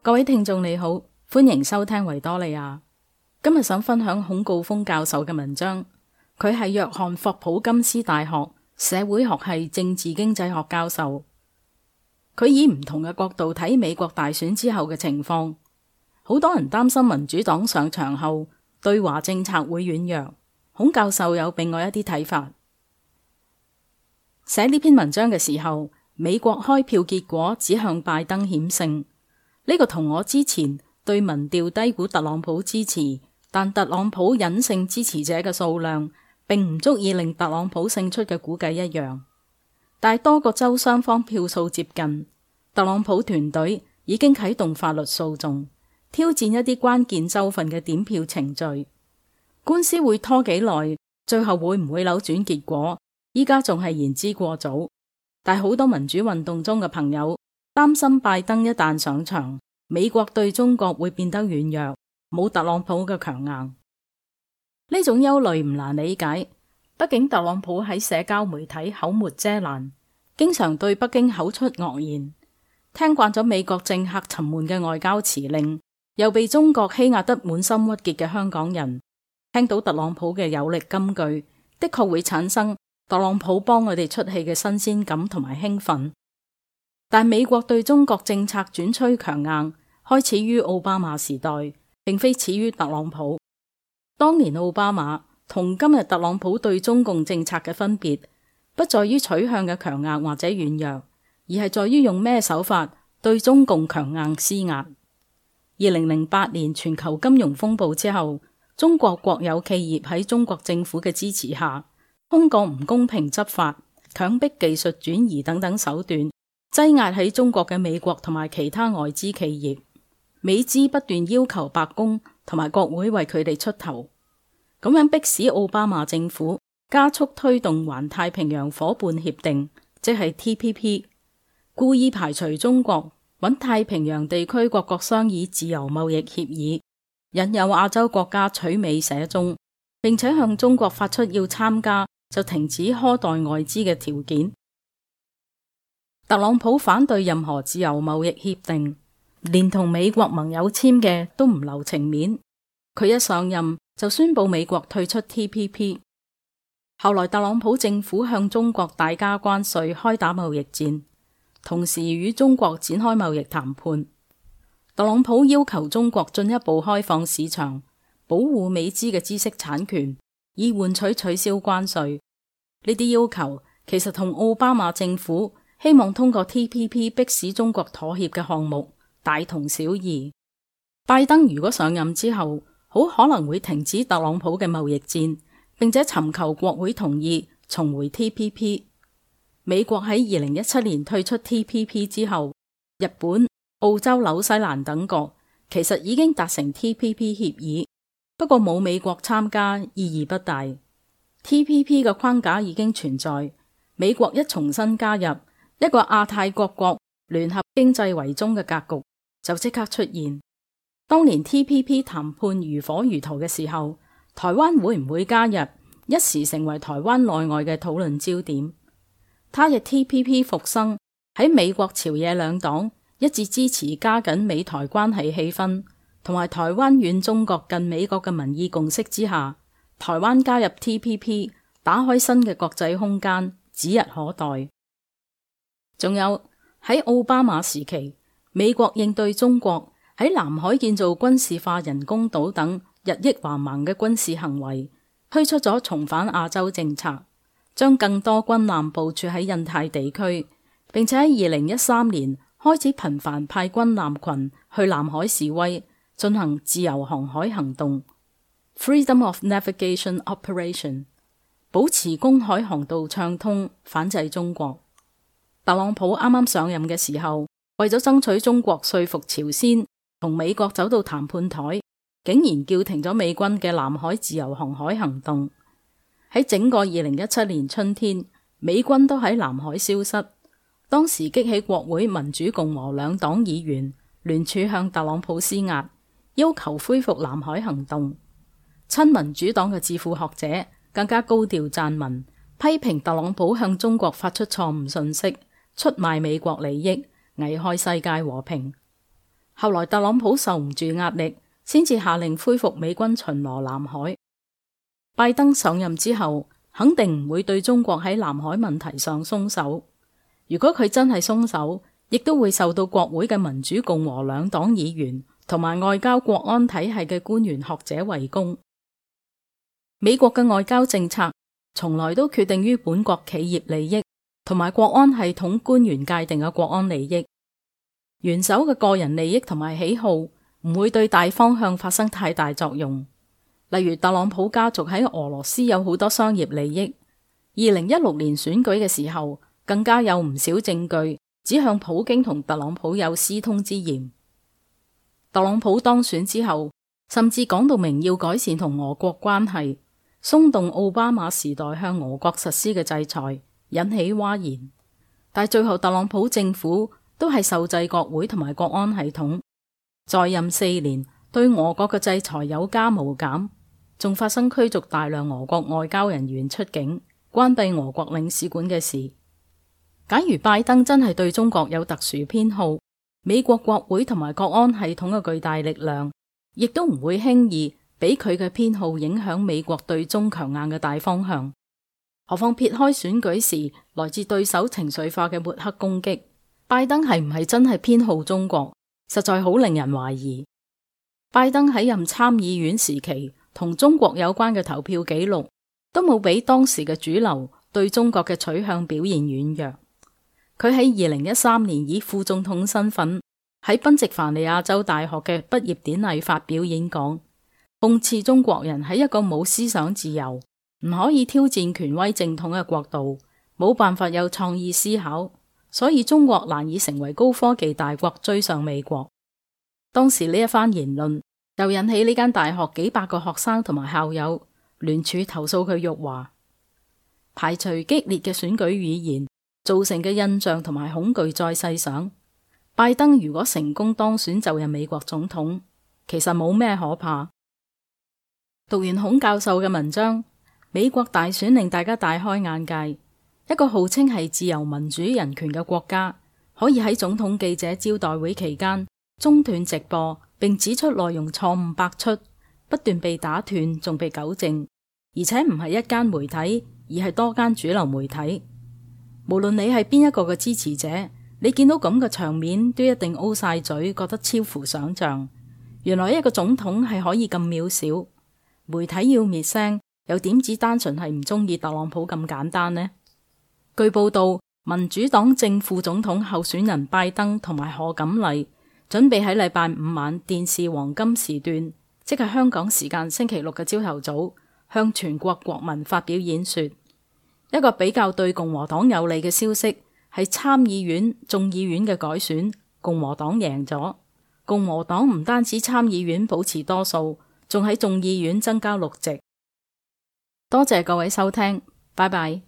各位聽眾你好，歡迎收聽維多利亞。今日想分享孔誥烽教授嘅文章，佢係約翰霍普金斯大學，社會學系政治經濟學教授，佢以唔同嘅角度睇美國大選之後嘅情況。好多人擔心民主黨上場後對華政策會軟弱，孔教授有畀我一啲睇法。寫呢篇文章嘅時候，美國開票結果指向拜登險勝，呢個同我之前對民調低估特朗普支持，但特朗普隱性支持者嘅數量。並唔足以令特朗普勝出嘅估計一樣，但多個州雙方票數接近，特朗普團隊已經啟動法律訴訟，挑戰一啲關鍵州份嘅點票程序。官司會拖幾耐，最後會唔會扭轉結果？依家仲係言之過早。但好多民主運動中嘅朋友擔心，拜登一旦上場，美國對中國會變得軟弱，冇特朗普嘅強硬。呢種憂慮唔難理解，畢竟特朗普喺社交媒體口無遮攔，經常對北京口出惡言。聽慣咗美國政客沉悶嘅外交辭令，又被中國欺壓得滿心鬱結嘅香港人，聽到特朗普嘅有力金句，的確會產生特朗普幫我哋出氣嘅新鮮感同埋興奮。但美國對中國政策轉趨強硬，開始於奧巴馬時代，並非始於特朗普。當年奧巴馬同今日特朗普對中共政策嘅分別，不在於取向嘅強硬或者軟弱，而係在於用咩手法對中共強硬施壓。二零零八年全球金融風暴之後，中國國有企業喺中國政府嘅支持下，通過唔公平執法、強迫技術轉移等等手段，擠壓喺中國嘅美國同埋其他外資企業。美資不斷要求白宮。同埋國會為佢哋出頭，咁樣迫使奧巴馬政府加速推動環太平洋夥伴協定，即係 TPP，故意排除中國，揾太平洋地區各國商議自由貿易協議，引誘亞洲國家取美捨中，並且向中國發出要參加就停止苛待外資嘅條件。特朗普反對任何自由貿易協定。連同美國盟友簽嘅都唔留情面，佢一上任就宣布美國退出 TPP。後來特朗普政府向中國大加關稅，開打貿易戰，同時與中國展開貿易談判。特朗普要求中國進一步開放市場，保護美資嘅知識產權，以換取取消關稅。呢啲要求其實同奧巴馬政府希望通過 TPP 迫使中國妥協嘅項目。大同小異。拜登如果上任之後，好可能會停止特朗普嘅貿易戰，並且尋求國會同意重回 TPP。美國喺二零一七年退出 TPP 之後，日本、澳洲、紐西蘭等國其實已經達成 TPP 協議，不過冇美國參加意義不大。TPP 嘅框架已經存在，美國一重新加入，一個亞太各國聯合經濟為中嘅格局。就即刻出現。當年 TPP 談判如火如荼嘅時候，台灣會唔會加入，一時成為台灣內外嘅討論焦點。他日 TPP 複生喺美國朝野兩黨一致支持，加緊美台關係氣氛，同埋台灣遠中國近美國嘅民意共識之下，台灣加入 TPP，打開新嘅國際空間，指日可待。仲有喺奧巴馬時期。美國應對中國喺南海建造軍事化人工島等日益橫蠻嘅軍事行為，推出咗重返亞洲政策，將更多軍艦部署喺印太地區，並且喺二零一三年開始頻繁派軍艦群去南海示威，進行自由航海行動 （freedom of navigation operation），保持公海航道暢通，反制中國。特朗普啱啱上任嘅時候。為咗爭取中國說服朝鮮同美國走到談判台，竟然叫停咗美軍嘅南海自由航海行動。喺整個二零一七年春天，美軍都喺南海消失。當時激起國會民主共和兩黨議員聯署向特朗普施壓，要求恢復南海行動。親民主黨嘅智庫學者更加高調撰文，批評特朗普向中國發出錯誤信息，出賣美國利益。危害世界和平。後來特朗普受唔住壓力，先至下令恢復美軍巡邏南海。拜登上任之後，肯定唔會對中國喺南海問題上鬆手。如果佢真係鬆手，亦都會受到國會嘅民主共和兩黨議員同埋外交國安體系嘅官員學者圍攻。美國嘅外交政策從來都決定於本國企業利益，同埋國安系統官員界定嘅國安利益，元首嘅個人利益同埋喜好唔會對大方向發生太大作用。例如，特朗普家族喺俄羅斯有好多商業利益。二零一六年選舉嘅時候，更加有唔少證據指向普京同特朗普有私通之嫌。特朗普當選之後，甚至講到明要改善同俄國關係，鬆動奧巴馬時代向俄國實施嘅制裁。引起嘩然，但最後特朗普政府都係受制國會同埋國安系統，在任四年對俄國嘅制裁有加無減，仲發生驅逐大量俄國外交人員出境、關閉俄國領事館嘅事。假如拜登真係對中國有特殊偏好，美國國會同埋國安系統嘅巨大力量，亦都唔會輕易俾佢嘅偏好影響美國對中強硬嘅大方向。何況撇開選舉時來自對手情緒化嘅抹黑攻擊，拜登係唔係真係偏好中國，實在好令人懷疑。拜登喺任參議院時期，同中國有關嘅投票記錄，都冇俾當時嘅主流對中國嘅取向表現軟弱。佢喺二零一三年以副總統身份喺賓夕凡尼亞州大學嘅畢業典禮發表演講，諷刺中國人喺一個冇思想自由，唔可以挑戰權威正統嘅國度，冇辦法有創意思考，所以中國難以成為高科技大國，追上美國。當時呢一番言論，又引起呢間大學幾百個學生同埋校友聯署投訴佢辱華。排除激烈嘅選舉語言造成嘅印象同埋恐懼，再細想，拜登如果成功當選就任美國總統，其實冇咩可怕。讀完孔教授嘅文章。美國大選令大家大開眼界。一個號稱係自由、民主、人權嘅國家，可以喺總統記者招待會期間中斷直播，並指出內容錯誤百出，不斷被打斷，仲被糾正，而且唔係一間媒體，而係多間主流媒體。無論你係邊一個嘅支持者，你見到咁嘅場面，都一定 O 晒嘴，覺得超乎想象。原來一個總統係可以咁渺小，媒體要滅聲。又點止單純係唔中意特朗普咁簡單呢？據報道，民主黨正副總統候選人拜登同埋賀錦麗準備喺禮拜五晚電視黃金時段，即係香港時間星期六嘅朝頭早，向全國國民發表演說。一個比較對共和黨有利嘅消息係參議院、眾議院嘅改選，共和黨贏咗。共和黨唔單止參議院保持多數，仲喺眾議院增加六席。多謝各位收聽，拜拜。